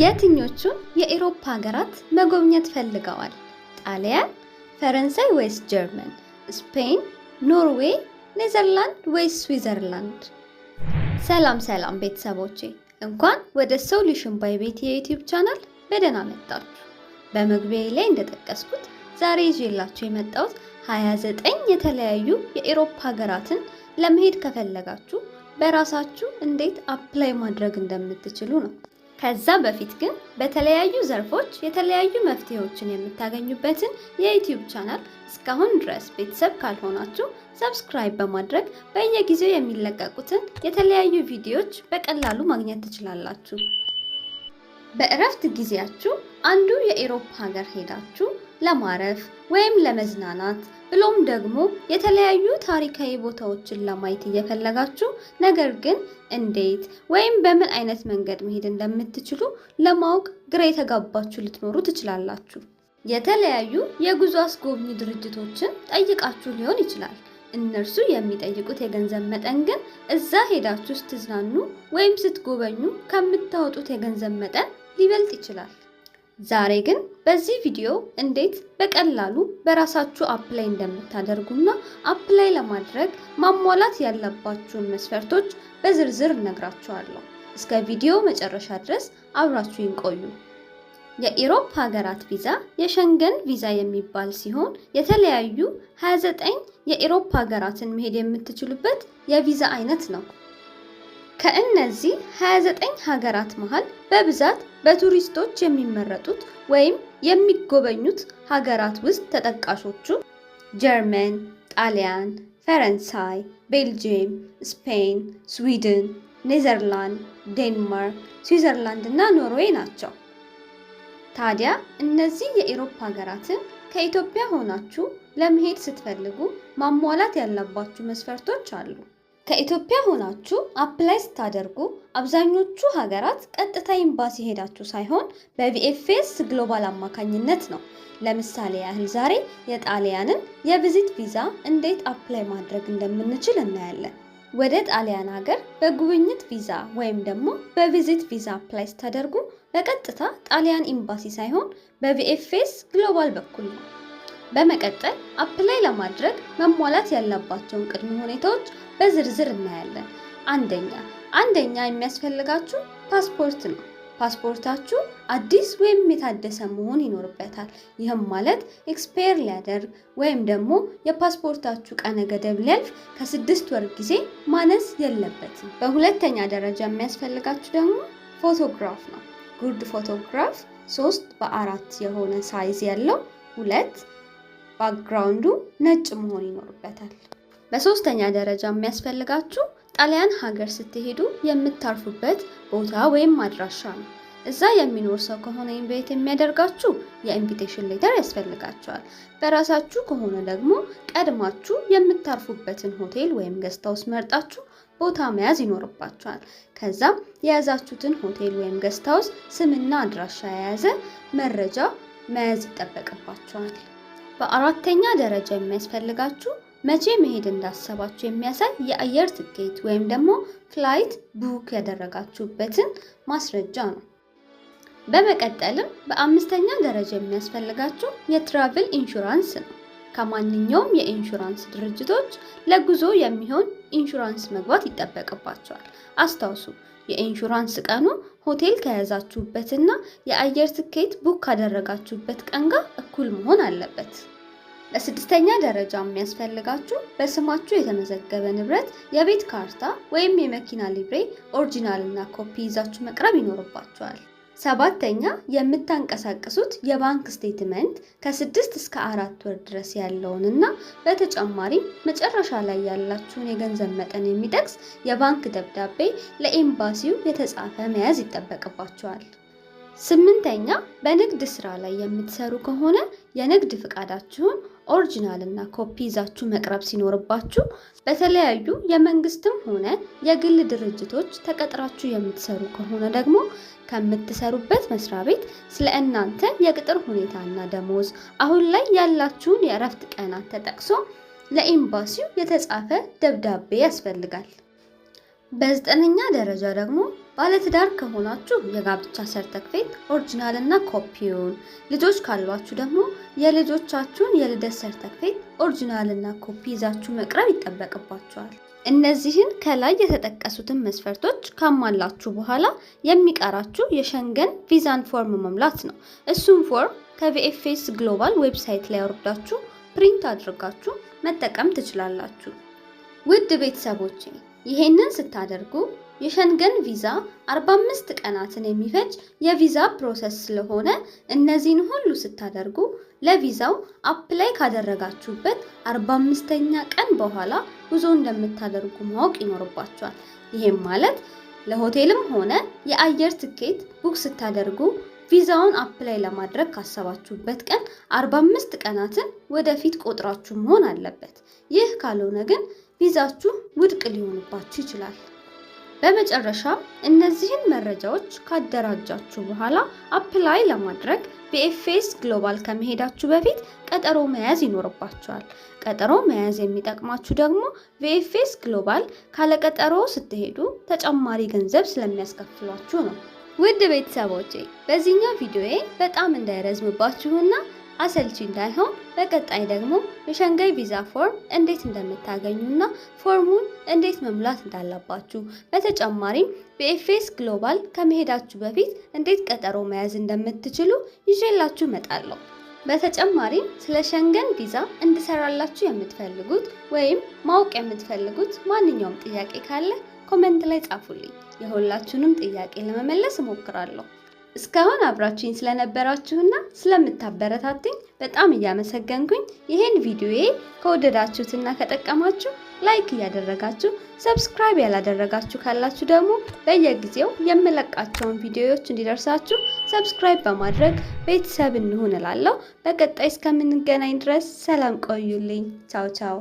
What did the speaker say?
የትኞቹን የአውሮፓ ሀገራት መጎብኘት ፈልገዋል? ጣሊያን፣ ፈረንሳይ ወይስ ጀርመን? ስፔን፣ ኖርዌይ፣ ኔዘርላንድ ወይስ ስዊዘርላንድ? ሰላም ሰላም ቤተሰቦቼ እንኳን ወደ ሶሉሽን ባይ ቤት የዩቲዩብ ቻናል በደህና መጣችሁ። በመግቢያዬ ላይ እንደጠቀስኩት ዛሬ ይዤላችሁ የመጣሁት 29 የተለያዩ የአውሮፓ ሀገራትን ለመሄድ ከፈለጋችሁ በራሳችሁ እንዴት አፕላይ ማድረግ እንደምትችሉ ነው። ከዛ በፊት ግን በተለያዩ ዘርፎች የተለያዩ መፍትሄዎችን የምታገኙበትን የዩቲዩብ ቻናል እስካሁን ድረስ ቤተሰብ ካልሆናችሁ ሰብስክራይብ በማድረግ በየጊዜው የሚለቀቁትን የተለያዩ ቪዲዮዎች በቀላሉ ማግኘት ትችላላችሁ። በእረፍት ጊዜያችሁ አንዱ የኤሮፓ ሀገር ሄዳችሁ ለማረፍ ወይም ለመዝናናት ብሎም ደግሞ የተለያዩ ታሪካዊ ቦታዎችን ለማየት እየፈለጋችሁ ነገር ግን እንዴት ወይም በምን አይነት መንገድ መሄድ እንደምትችሉ ለማወቅ ግራ የተጋባችሁ ልትኖሩ ትችላላችሁ። የተለያዩ የጉዞ አስጎብኚ ድርጅቶችን ጠይቃችሁ ሊሆን ይችላል። እነርሱ የሚጠይቁት የገንዘብ መጠን ግን እዛ ሄዳችሁ ስትዝናኑ ወይም ስትጎበኙ ከምታወጡት የገንዘብ መጠን ሊበልጥ ይችላል። ዛሬ ግን በዚህ ቪዲዮ እንዴት በቀላሉ በራሳችሁ አፕ ላይ እንደምታደርጉና አፕ ላይ ለማድረግ ማሟላት ያለባችሁን መስፈርቶች በዝርዝር እነግራችኋለሁ። እስከ ቪዲዮ መጨረሻ ድረስ አብራችሁ ቆዩ። የኢሮፕ ሀገራት ቪዛ የሸንገን ቪዛ የሚባል ሲሆን የተለያዩ 29 የኢሮፕ ሀገራትን መሄድ የምትችሉበት የቪዛ አይነት ነው። ከእነዚህ 29 ሀገራት መሃል በብዛት በቱሪስቶች የሚመረጡት ወይም የሚጎበኙት ሀገራት ውስጥ ተጠቃሾቹ ጀርመን፣ ጣሊያን፣ ፈረንሳይ፣ ቤልጅየም፣ ስፔን፣ ስዊድን፣ ኔዘርላንድ፣ ዴንማርክ፣ ስዊዘርላንድ እና ኖርዌይ ናቸው። ታዲያ እነዚህ የኢሮፓ ሀገራትን ከኢትዮጵያ ሆናችሁ ለመሄድ ስትፈልጉ ማሟላት ያለባችሁ መስፈርቶች አሉ። ከኢትዮጵያ ሆናችሁ አፕላይ ስታደርጉ አብዛኞቹ ሀገራት ቀጥታ ኤምባሲ ሄዳችሁ ሳይሆን በቪኤፍኤስ ግሎባል አማካኝነት ነው። ለምሳሌ ያህል ዛሬ የጣሊያንን የቪዚት ቪዛ እንዴት አፕላይ ማድረግ እንደምንችል እናያለን። ወደ ጣሊያን ሀገር በጉብኝት ቪዛ ወይም ደግሞ በቪዚት ቪዛ አፕላይ ስታደርጉ በቀጥታ ጣሊያን ኤምባሲ ሳይሆን በቪኤፍኤስ ግሎባል በኩል ነው። በመቀጠል አፕላይ ለማድረግ መሟላት ያለባቸውን ቅድመ ሁኔታዎች በዝርዝር እናያለን። አንደኛ አንደኛ የሚያስፈልጋችሁ ፓስፖርት ነው። ፓስፖርታችሁ አዲስ ወይም የታደሰ መሆን ይኖርበታል። ይህም ማለት ኤክስፓየር ሊያደርግ ወይም ደግሞ የፓስፖርታችሁ ቀነ ገደብ ሊያልፍ ከስድስት ወር ጊዜ ማነስ የለበትም። በሁለተኛ ደረጃ የሚያስፈልጋችሁ ደግሞ ፎቶግራፍ ነው። ጉርድ ፎቶግራፍ ሶስት በአራት የሆነ ሳይዝ ያለው ሁለት ባክግራውንዱ ነጭ መሆን ይኖርበታል። በሶስተኛ ደረጃ የሚያስፈልጋችሁ ጣሊያን ሀገር ስትሄዱ የምታርፉበት ቦታ ወይም አድራሻ ነው። እዛ የሚኖር ሰው ከሆነ ኢንቬት የሚያደርጋችሁ የኢንቪቴሽን ሌተር ያስፈልጋቸዋል። በራሳችሁ ከሆነ ደግሞ ቀድማችሁ የምታርፉበትን ሆቴል ወይም ገስታውስ መርጣችሁ ቦታ መያዝ ይኖርባቸዋል ከዛም የያዛችሁትን ሆቴል ወይም ገስታውስ ስምና አድራሻ የያዘ መረጃ መያዝ ይጠበቅባቸዋል። በአራተኛ ደረጃ የሚያስፈልጋችሁ መቼ መሄድ እንዳሰባችሁ የሚያሳይ የአየር ትኬት ወይም ደግሞ ፍላይት ቡክ ያደረጋችሁበትን ማስረጃ ነው። በመቀጠልም በአምስተኛ ደረጃ የሚያስፈልጋችሁ የትራቭል ኢንሹራንስ ነው። ከማንኛውም የኢንሹራንስ ድርጅቶች ለጉዞ የሚሆን ኢንሹራንስ መግባት ይጠበቅባቸዋል። አስታውሱ የኢንሹራንስ ቀኑ ሆቴል ከያዛችሁበትና የአየር ትኬት ቡክ ካደረጋችሁበት ቀን ጋር እኩል መሆን አለበት። ለስድስተኛ ደረጃ የሚያስፈልጋችሁ በስማችሁ የተመዘገበ ንብረት የቤት ካርታ ወይም የመኪና ሊብሬ ኦሪጂናል እና ኮፒ ይዛችሁ መቅረብ ይኖርባችኋል። ሰባተኛ የምታንቀሳቅሱት የባንክ ስቴትመንት ከስድስት እስከ አራት ወር ድረስ ያለውን እና በተጨማሪም መጨረሻ ላይ ያላችሁን የገንዘብ መጠን የሚጠቅስ የባንክ ደብዳቤ ለኤምባሲው የተጻፈ መያዝ ይጠበቅባቸዋል። ስምንተኛ በንግድ ስራ ላይ የምትሰሩ ከሆነ የንግድ ፍቃዳችሁን ኦሪጂናል እና ኮፒ ይዛችሁ መቅረብ ሲኖርባችሁ በተለያዩ የመንግስትም ሆነ የግል ድርጅቶች ተቀጥራችሁ የምትሰሩ ከሆነ ደግሞ ከምትሰሩበት መስሪያ ቤት ስለ እናንተ የቅጥር ሁኔታና ደሞዝ፣ አሁን ላይ ያላችሁን የእረፍት ቀናት ተጠቅሶ ለኤምባሲው የተጻፈ ደብዳቤ ያስፈልጋል። በዘጠነኛ ደረጃ ደግሞ ባለትዳር ከሆናችሁ የጋብቻ ሰርተክፌት ኦሪጂናል እና ኮፒውን፣ ልጆች ካሏችሁ ደግሞ የልጆቻችሁን የልደት ሰርተክፌት ኦሪጂናል እና ኮፒ ይዛችሁ መቅረብ ይጠበቅባችኋል። እነዚህን ከላይ የተጠቀሱትን መስፈርቶች ካሟላችሁ በኋላ የሚቀራችሁ የሸንገን ቪዛን ፎርም መሙላት ነው። እሱም ፎርም ከቪኤፍኤስ ግሎባል ዌብሳይት ላይ አውርዳችሁ ፕሪንት አድርጋችሁ መጠቀም ትችላላችሁ። ውድ ቤተሰቦቼ ይሄንን ስታደርጉ የሸንገን ቪዛ 45 ቀናትን የሚፈጅ የቪዛ ፕሮሰስ ስለሆነ እነዚህን ሁሉ ስታደርጉ ለቪዛው አፕላይ ካደረጋችሁበት 45ኛ ቀን በኋላ ጉዞ እንደምታደርጉ ማወቅ ይኖርባችኋል። ይሄም ማለት ለሆቴልም ሆነ የአየር ትኬት ቡክ ስታደርጉ ቪዛውን አፕላይ ለማድረግ ካሰባችሁበት ቀን 45 ቀናትን ወደፊት ቆጥራችሁ መሆን አለበት። ይህ ካልሆነ ግን ቪዛችሁ ውድቅ ሊሆንባችሁ ይችላል። በመጨረሻ እነዚህን መረጃዎች ካደራጃችሁ በኋላ አፕላይ ለማድረግ በኤፍኤስ ግሎባል ከመሄዳችሁ በፊት ቀጠሮ መያዝ ይኖርባችኋል። ቀጠሮ መያዝ የሚጠቅማችሁ ደግሞ በኤፍኤስ ግሎባል ካለቀጠሮ ስትሄዱ ተጨማሪ ገንዘብ ስለሚያስከፍሏችሁ ነው። ውድ ቤተሰቦቼ በዚህኛው ቪዲዮዬ በጣም እንዳይረዝምባችሁና አሰልቺ እንዳይሆን በቀጣይ ደግሞ የሸንጋይ ቪዛ ፎርም እንዴት እንደምታገኙና ፎርሙን እንዴት መሙላት እንዳለባችሁ በተጨማሪም በኤፌስ ግሎባል ከመሄዳችሁ በፊት እንዴት ቀጠሮ መያዝ እንደምትችሉ ይዤላችሁ እመጣለሁ። በተጨማሪም ስለ ሸንገን ቪዛ እንድሰራላችሁ የምትፈልጉት ወይም ማወቅ የምትፈልጉት ማንኛውም ጥያቄ ካለ ኮመንት ላይ ጻፉልኝ። የሁላችሁንም ጥያቄ ለመመለስ እሞክራለሁ። እስካሁን አብራችሁኝ ስለነበራችሁና ስለምታበረታትኝ በጣም እያመሰገንኩኝ ይሄን ቪዲዮዬ ከወደዳችሁትና ከጠቀማችሁ ላይክ እያደረጋችሁ ሰብስክራይብ ያላደረጋችሁ ካላችሁ ደግሞ በየጊዜው የምለቃቸውን ቪዲዮዎች እንዲደርሳችሁ ሰብስክራይብ በማድረግ ቤተሰብ እንሁን እላለሁ። በቀጣይ እስከምንገናኝ ድረስ ሰላም ቆዩልኝ። ቻው ቻው።